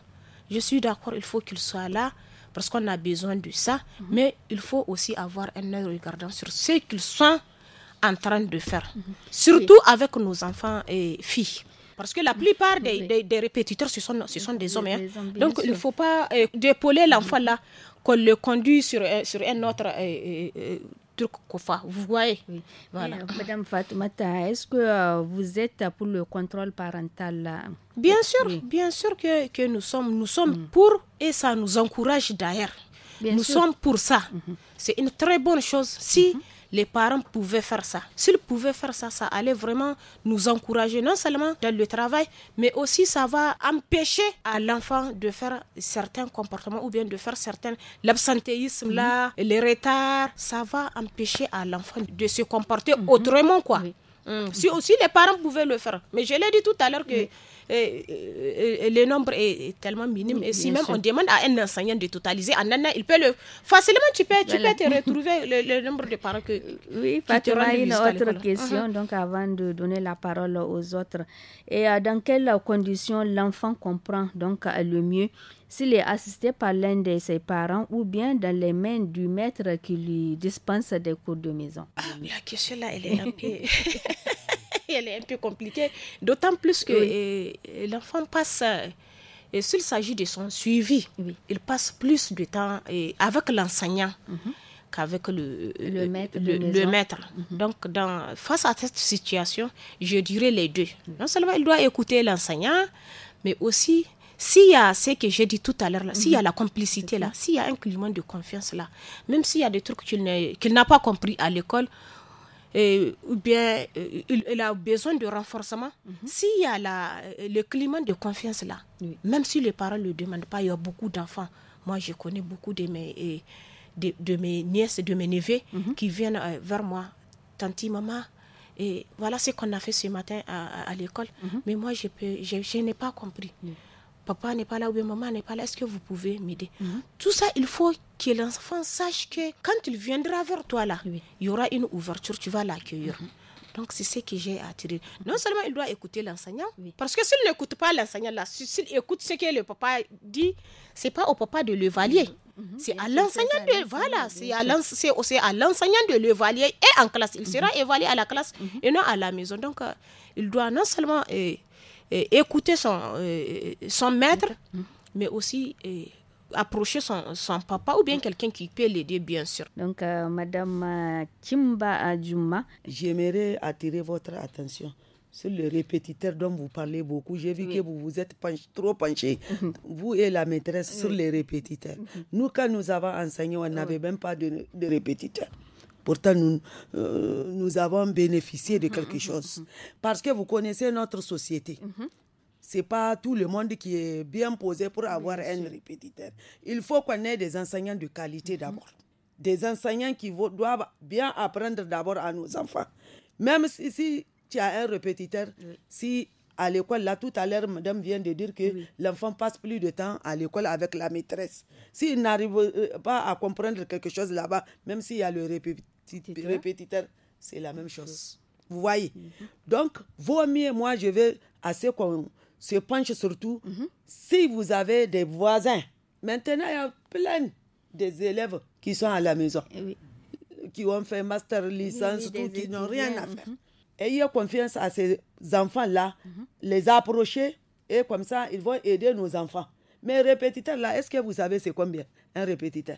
Je suis d'accord, il faut qu'il soit là parce qu'on a besoin de ça, mhm. mais il faut aussi avoir un œil regardant sur ce qu'ils sont en train de faire, mhm. surtout avec nos enfants et filles. Parce que la plupart des, des, répétiteurs, ce sont, ce sont des hommes. Hein. Donc, il ne faut pas euh, l'enfant là, qu'on le conduit sur, euh, sur un autre euh, euh, truc kofa Vous voyez euh, Madame Fatoumata, est-ce que euh, vous êtes pour le contrôle parental Bien sûr, bien sûr que, nous sommes, nous sommes mm. pour et ça nous encourage d'ailleurs. nous sommes pour ça. Mm-hmm. C'est une très bonne chose. Si mm-hmm les parents pouvaient faire ça. S'ils pouvaient faire ça, ça allait vraiment nous encourager, non seulement dans le travail, mais aussi ça va empêcher à l'enfant de faire certains comportements ou bien de faire certains... L'absentéisme, là mhm. les retards, ça va empêcher à l'enfant de se comporter mhm. autrement, quoi. Hmm. Si aussi les parents pouvaient le faire. Mais je l'ai dit tout à l'heure que le nombre est tellement minime. Et si même on demande à un enseignant de totaliser en un il peut le. Facilement, tu peux, tu peux te retrouver le, nombre de parents que. Oui, Fatima, une autre question, uh-huh. donc avant de donner la parole aux autres. Et euh, dans quelles conditions l'enfant comprend donc euh, le mieux s'il est assisté par l'un de ses parents ou bien dans les mains du maître qui lui dispense des cours de maison. Ah, la question là, elle est un peu... elle est un peu compliquée, d'autant plus que euh, l'enfant passe, et euh, s'il s'agit de son suivi, il passe plus de temps euh, avec l'enseignant. Mhm. qu'avec le, le, maître. Le, maître. Mhm. Donc, dans, face à cette situation, je dirais les deux. Non seulement il doit écouter l'enseignant, mais aussi, s'il y a ce que j'ai dit tout à l'heure, s'il y a mhm. la complicité là, s'il y a un climat de confiance là, même s'il y a des trucs qu'il n'a pas compris à l'école, euh, ou bien euh, il, a besoin de renforcement, mhm. s'il y a la, euh, le climat de confiance là, même si les parents ne le demandent pas, il y a beaucoup d'enfants. Moi, je connais beaucoup de mes, de, de mes nièces, de mes neveux mhm. qui viennent vers moi. Tanti, maman, et voilà ce qu'on a fait ce matin à, l'école. Mhm. Mais moi, je n'ai pas compris papa n'est pas là ou maman n'est pas là, est-ce que vous pouvez m'aider mhm. Tout ça, il faut que l'enfant sache que quand il viendra vers toi la rue, il y aura une ouverture, tu vas l'accueillir. Mhm. Donc c'est ce que j'ai à attiré. Mhm. Non seulement il doit écouter l'enseignant, parce que s'il n'écoute pas l'enseignant là, s'il écoute ce que le papa dit, c'est pas au papa de le Mm C'est à l'enseignant de voilà, c'est à l'enseignant de le valier et en classe, il sera évalué à la classe et non à la maison. Donc euh, il doit non seulement euh, écouter euh, son, maître, mais aussi euh, approcher son, son, papa ou bien quelqu'un qui peut l'aider, bien sûr. Donc, euh, Madame Kimba Adjuma. J'aimerais attirer votre attention sur le répétiteur dont vous parlez beaucoup. J'ai vu que vous vous êtes trop penché, vous et la maîtresse, sur les répétiteurs. Nous, quand nous avons enseigné, on n'avait même pas de, de répétiteur. Pourtant, nous, euh, nous avons bénéficié de quelque mhm, chose. Mhm, mhm. Parce que vous connaissez notre société. C'est pas tout le monde qui est bien posé pour avoir un répétiteur. Il faut qu'on ait des enseignants de qualité d'abord. Des enseignants qui doivent bien apprendre d'abord à nos enfants. Même si, tu as un répétiteur, si à l'école, là, tout à l'heure, madame vient de dire que l'enfant passe plus de temps à l'école avec la maîtresse. S'il n'arrive euh, pas à comprendre quelque chose là-bas, même s'il y a le répétiteur, répétiteur, hein? c'est la même chose. Vous voyez mhm. Donc, vaut mieux, moi, je veux à ce qu'on se penche surtout mhm. si vous avez des voisins. Maintenant, il y a plein des élèves qui sont à la maison, eh qui ont fait master, licence, tout, qui n'ont rien à faire. Mhm. Ayez confiance à ces enfants-là, les approcher, et comme ça, ils vont aider nos enfants. Mais répétiteurs, là, est-ce que vous savez c'est combien un répétiteur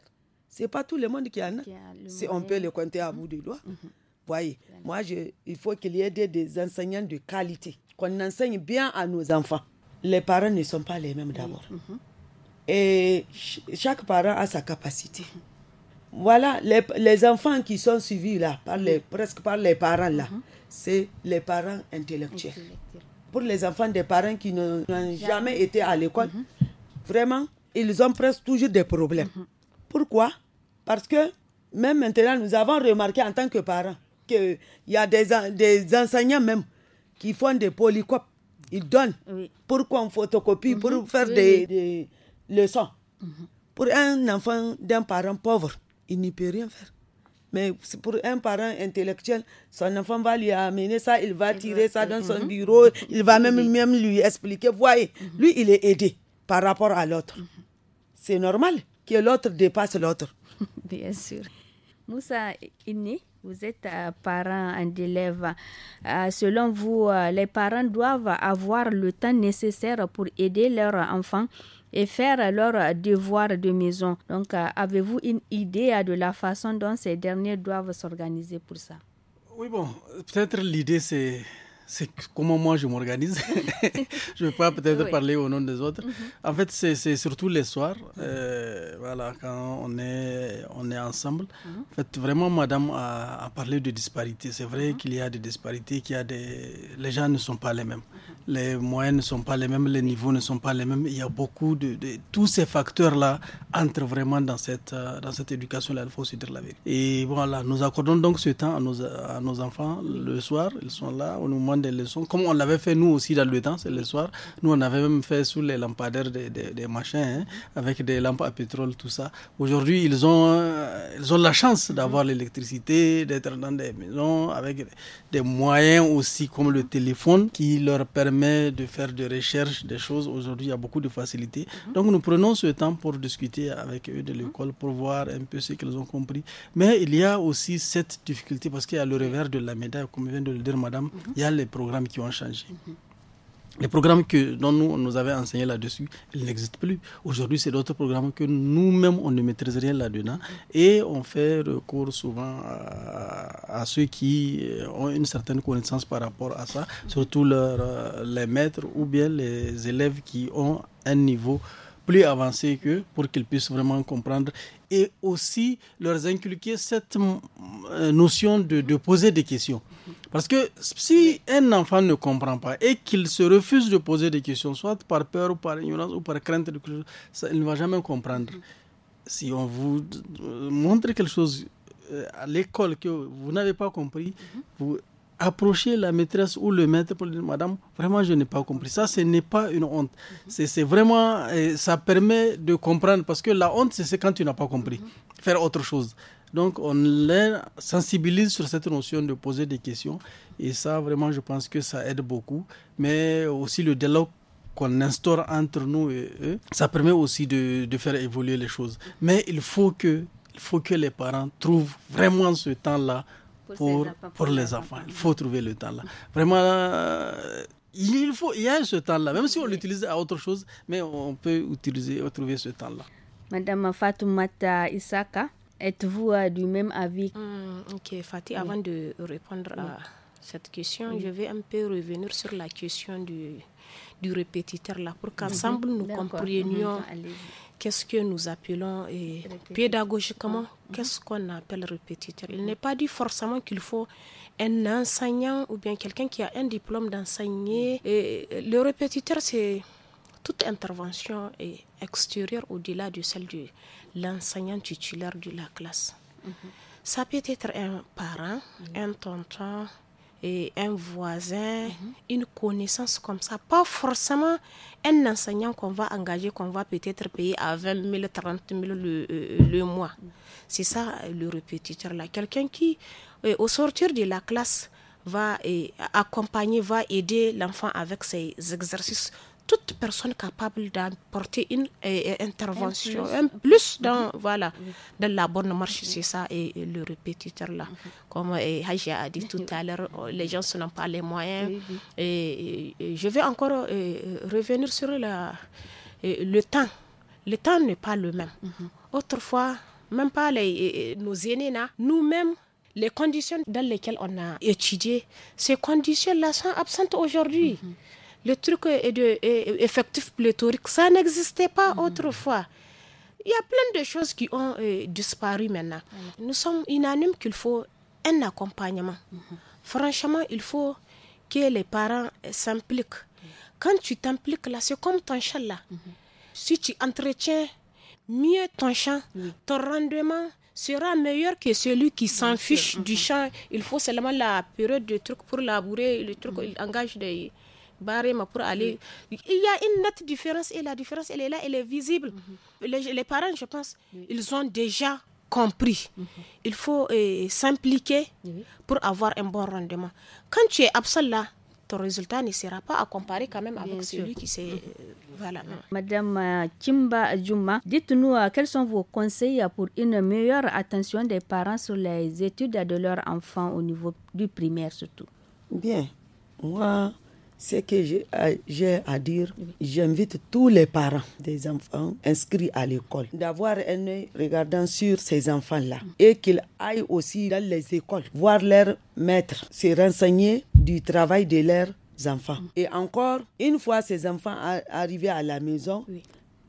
c'est pas tout le monde qui en a. si on peut le compter à bout de doigt. Mhm. Voyez, moi, je, il faut qu'il y ait des, enseignants de qualité, qu'on enseigne bien à nos enfants. Les parents ne sont pas les mêmes d'abord. Mhm. Mhm. Et chaque parent a sa capacité. Voilà, les, enfants qui sont suivis là, par les, presque par les parents là, c'est les parents intellectuels. Pour les enfants des parents qui n'ont jamais été à l'école, vraiment, ils ont presque toujours des problèmes. Pourquoi Parce que même maintenant, nous avons remarqué en tant que parents qu'il y a des, des enseignants même qui font des polycopes. Ils donnent pourquoi pour photocopie, pour mhm. faire des, leçons. Mhm. Pour un enfant d'un parent pauvre, il n'y peut rien faire. Mais pour un parent intellectuel, son enfant va lui amener ça, il va tirer ça dans son mhm. bureau, il va même, même lui expliquer. Voyez, lui, il est aidé par rapport à l'autre. C'est normal que l'autre dépasse l'autre. Bien sûr. Moussa Inni, vous êtes euh, parent d'élèves. Euh, selon vous, euh, les parents doivent avoir le temps nécessaire pour aider leurs enfants et faire leurs devoirs de maison. Donc, avez-vous une idée de la façon dont ces derniers doivent s'organiser pour ça Oui, bon, peut-être l'idée, c'est c'est comment moi je m'organise. je ne vais pas peut-être parler au nom des autres. Mhm. En fait, c'est surtout les soirs, mhm. euh, voilà, quand on est, on est ensemble. Mhm. En fait, vraiment, madame a, parlé de disparité. C'est vrai qu'il y a des disparités, qu'il y a des... Les gens ne sont pas les mêmes. Les moyens ne sont pas les mêmes, les niveaux ne sont pas les mêmes. Il y a beaucoup de... tous ces facteurs-là entrent vraiment dans cette, euh, dans cette éducation-là, il faut aussi dire la vérité. Et voilà, nous accordons donc ce temps à nos, à nos enfants le soir. Ils sont là, on nous demande des leçons, comme on l'avait fait nous aussi dans le temps, c'est le soir. Nous, on avait même fait sous les lampadaires des, des, machins, hein, avec des lampes à pétrole, tout ça. Aujourd'hui, ils ont, euh, ils ont la chance d'avoir l'électricité, d'être dans des maisons, avec des moyens aussi comme le téléphone qui leur permet de faire des recherches, des choses. Aujourd'hui, il y a beaucoup de facilité. Mhm. Donc, nous prenons ce temps pour discuter avec eux de l'école, pour voir un peu ce qu'ils ont compris. Mais il y a aussi cette difficulté parce qu'il y a le revers de la médaille, comme vient de le dire madame. Mhm. Il y a les les programmes qui ont changé. Les programmes que, dont nous, on nous avait enseigné là-dessus, ils n'existent plus. Aujourd'hui, c'est d'autres programmes que nous-mêmes, on ne maîtrise rien là-dedans. Et on fait recours souvent à, ceux qui euh, ont une certaine connaissance par rapport à ça, surtout leur, euh, les maîtres ou bien les élèves qui ont un niveau plus avancé qu'eux pour qu'ils puissent vraiment comprendre et aussi leur inculquer cette mm, euh, notion de, poser des questions. Parce que si un enfant ne comprend pas et qu'il se refuse de poser des questions, soit par peur ou par ignorance ou par crainte, de il ne va jamais comprendre. Si on vous euh, montre quelque chose euh, à l'école que vous n'avez pas compris, vous approcher la maîtresse ou le maître pour dire Madame, vraiment, je n'ai pas compris. Ça, ce n'est pas une honte. Mhm. C'est vraiment, euh, ça permet de comprendre parce que la honte, c'est quand tu n'as pas compris. Mhm. Faire autre chose. Donc, on les sensibilise sur cette notion de poser des questions. Et ça, vraiment, je pense que ça aide beaucoup. Mais aussi le dialogue qu'on instaure entre nous et eux, ça permet aussi de, de faire évoluer les choses. Mhm. Mais il faut que, il faut que les parents trouvent vraiment ce temps-là pour, pour, les enfants. Il faut trouver le temps là. Vraiment, euh, il, faut, il y a ce temps-là. Même si on l'utilise à autre chose, mais on peut utiliser, trouver ce temps-là. Madame Fatoumata Isaka, êtes-vous euh, du même avis hum, Ok, Fatih, avant de répondre à cette question, je vais un peu revenir sur la question du, du répétiteur là, pour qu'ensemble mhm. nous comprenions mhm. qu'est-ce que nous appelons et pédagogiquement ah. Mhm. Qu'est-ce qu'on appelle répétiteur Il n'est pas dit forcément qu'il faut un enseignant ou bien quelqu'un qui a un diplôme d'enseigner. Mhm. Euh, le répétiteur, c'est toute intervention extérieure au-delà de celle de l'enseignant titulaire de la classe. Mhm. Ça peut être un parent, un tonton, et un voisin, une connaissance comme ça. Pas forcément un enseignant qu'on va engager, qu'on va peut-être payer à 20 000, 30 000 le mois. C'est ça le répétiteur là. Quelqu'un qui, euh, au sortir de la classe, va euh, accompagner, va aider l'enfant avec ses exercices. Toute personne capable d'apporter une euh, intervention, un plus, mhm. dans, voilà, la bonne marche, mhm. c'est ça, et, le répétiteur là. Mhm. Comme Haji a dit tout à l'heure, oh, les gens n'ont pas les moyens. Et, je vais encore revenir sur la, le temps. Le temps n'est pas le même. Autrefois, même pas les, nos aînés, nous-mêmes, les conditions dans lesquelles on a étudié, ces conditions-là sont absentes aujourd'hui. Mhm. Le truc est de effectif pléthorique, ça n'existait pas mhm. autrefois. Il y a plein de choses qui ont euh, disparu maintenant. Mhm. Nous sommes unanimes qu'il faut un accompagnement. Franchement, il faut que les parents s'impliquent. Quand tu t'impliques là, c'est comme ton chat là. Si tu entretiens mieux ton champ, ton rendement sera meilleur que celui qui s'en fiche du champ. Il faut seulement la période de truc pour labourer, le truc, mm. il engage des barèmes pour aller. Il y a une nette différence et la différence, elle est là, elle est visible. Mm-hmm. Les, parents, je pense, ils ont déjà compris. Mm-hmm. Il faut euh, s'impliquer pour avoir un bon rendement. Quand tu es absent là, résultat ne sera pas à comparer quand même avec celui qui s'est. Euh, mm. Madame euh, Chimba Juma, dites-nous euh, quels sont vos conseils pour une meilleure attention des parents sur les études de leurs enfants au niveau du primaire surtout. Bien, moi, ce que j'ai à dire, j'invite tous les parents des enfants inscrits à l'école d'avoir un regard regardant sur ces enfants-là mm. et qu'ils aillent aussi dans les écoles, voir leurs maîtres, se renseigner du travail de leurs enfants. Et encore, une fois ces enfants arrivés à la maison,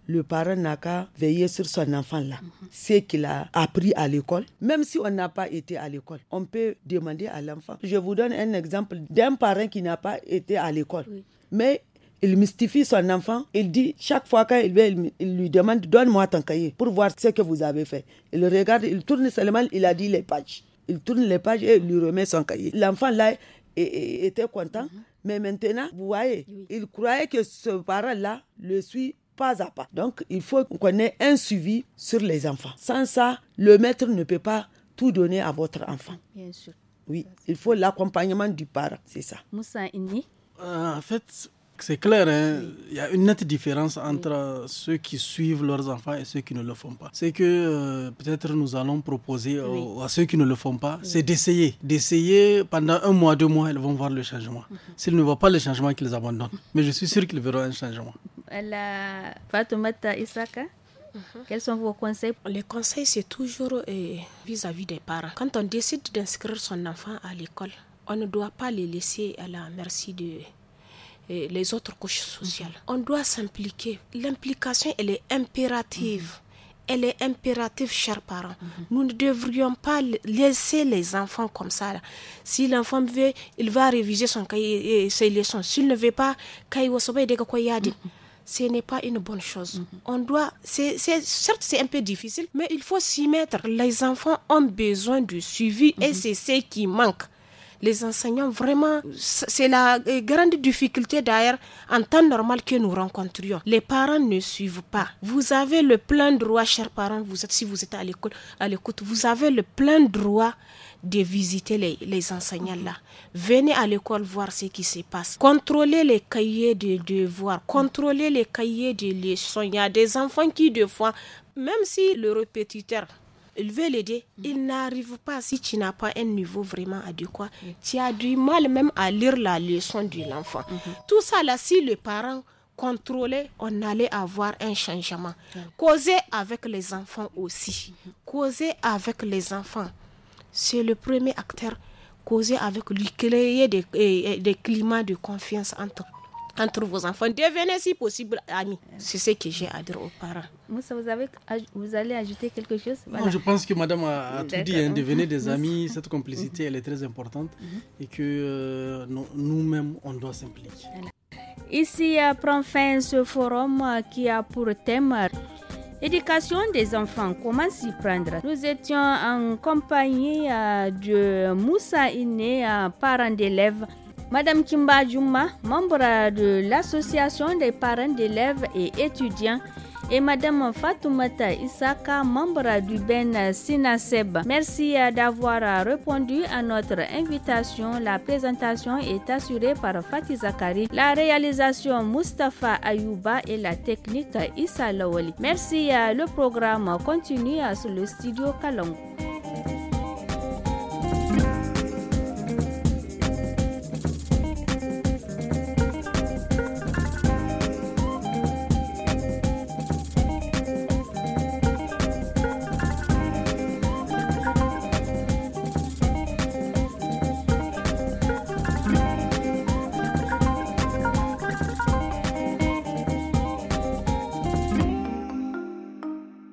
le parent n'a qu'à veiller sur son enfant-là. C'est mhm. Ce qu'il a appris à l'école, même si on n'a pas été à l'école, on peut demander à l'enfant. Je vous donne un exemple d'un parent qui n'a pas été à l'école. Mais il mystifie son enfant. Il dit, chaque fois qu'il vient, il, lui demande, donne-moi ton cahier pour voir ce que vous avez fait. Il regarde, il tourne seulement, il a dit les pages. Il tourne les pages et lui remet son cahier. L'enfant, là, était content. Mhm. Mais maintenant, vous voyez, il croyait que ce parent-là le suit pas à pas. Donc, il faut qu'on ait un suivi sur les enfants. Sans ça, le maître ne peut pas tout donner à votre enfant. Bien sûr. Oui, il faut l'accompagnement du parent, c'est ça. Moussa Inni euh, En fait, c'est clair, hein. il y a une nette différence entre ceux qui suivent leurs enfants et ceux qui ne le font pas. C'est que euh, peut-être nous allons proposer à ceux qui ne le font pas, c'est d'essayer. D'essayer pendant un mois, deux mois, ils vont voir le changement. Mhm. S'ils ne voient pas le changement, qu'ils abandonnent. Mais je suis sûr qu'ils verront un changement. Euh, mhm. Quels sont vos conseils Les conseils, c'est toujours euh, vis-à-vis -vis des parents. Quand on décide d'inscrire son enfant à l'école, on ne doit pas les laisser à la merci de, les autres couches sociales. On doit s'impliquer. L'implication, elle est impérative. Mm-hmm. Elle est impérative, chers parents. Mm-hmm. Nous ne devrions pas laisser les enfants comme ça. Si l'enfant veut, il va réviser son cahier et ses leçons. S'il ne veut pas, mm-hmm. ce n'est pas une bonne chose. On doit, c'est, certes, c'est un peu difficile, mais il faut s'y mettre. Les enfants ont besoin de suivi et c'est ce qui manque les enseignants, vraiment, c'est la euh, grande difficulté d'ailleurs en temps normal que nous rencontrions. Les parents ne suivent pas. Vous avez le plein droit, chers parents, vous êtes, si vous êtes à l'école, à l'écoute, vous avez le plein droit de visiter les, enseignants là. Venez à l'école voir ce qui se passe. Contrôlez les cahiers de devoirs, contrôlez les cahiers de leçons. Il y a des enfants qui, de fois, même si le répétiteur il veut l'aider, mm. il n'arrive pas si tu n'as pas un niveau vraiment adéquat. Mm. Tu as du mal même à lire la leçon de mm. l'enfant. Mm-hmm. Tout ça là, si le parent contrôlait, on allait avoir un changement. Causer avec les enfants aussi. Mm-hmm. Causer avec les enfants. C'est le premier acteur. Causer avec lui, créer des, des climats de confiance entre entre vos enfants. Devenez si possible amis. C'est ce que j'ai à dire aux parents. Moussa, vous, avez, vous allez ajouter quelque chose je pense que madame a, tout dit. Hein. devenez des amis, cette complicité, elle est très importante mhm. et que euh, nous-mêmes, on doit s'impliquer. Ici euh, prend fin ce forum euh, qui a pour thème Éducation des enfants, comment s'y prendre Nous étions en compagnie de Moussa Iné, parent d'élèves Madame Kimba Juma, membre de l'Association des parents d'élèves et étudiants, et Madame Fatoumata Isaka, membre du Ben Sinaseb. Merci euh, d'avoir euh, répondu à notre invitation. La présentation est assurée par Fatih Zakari, la réalisation Mustafa Ayouba et la technique Issa Lawali. Merci, euh, le programme continue sur le studio Kalongo.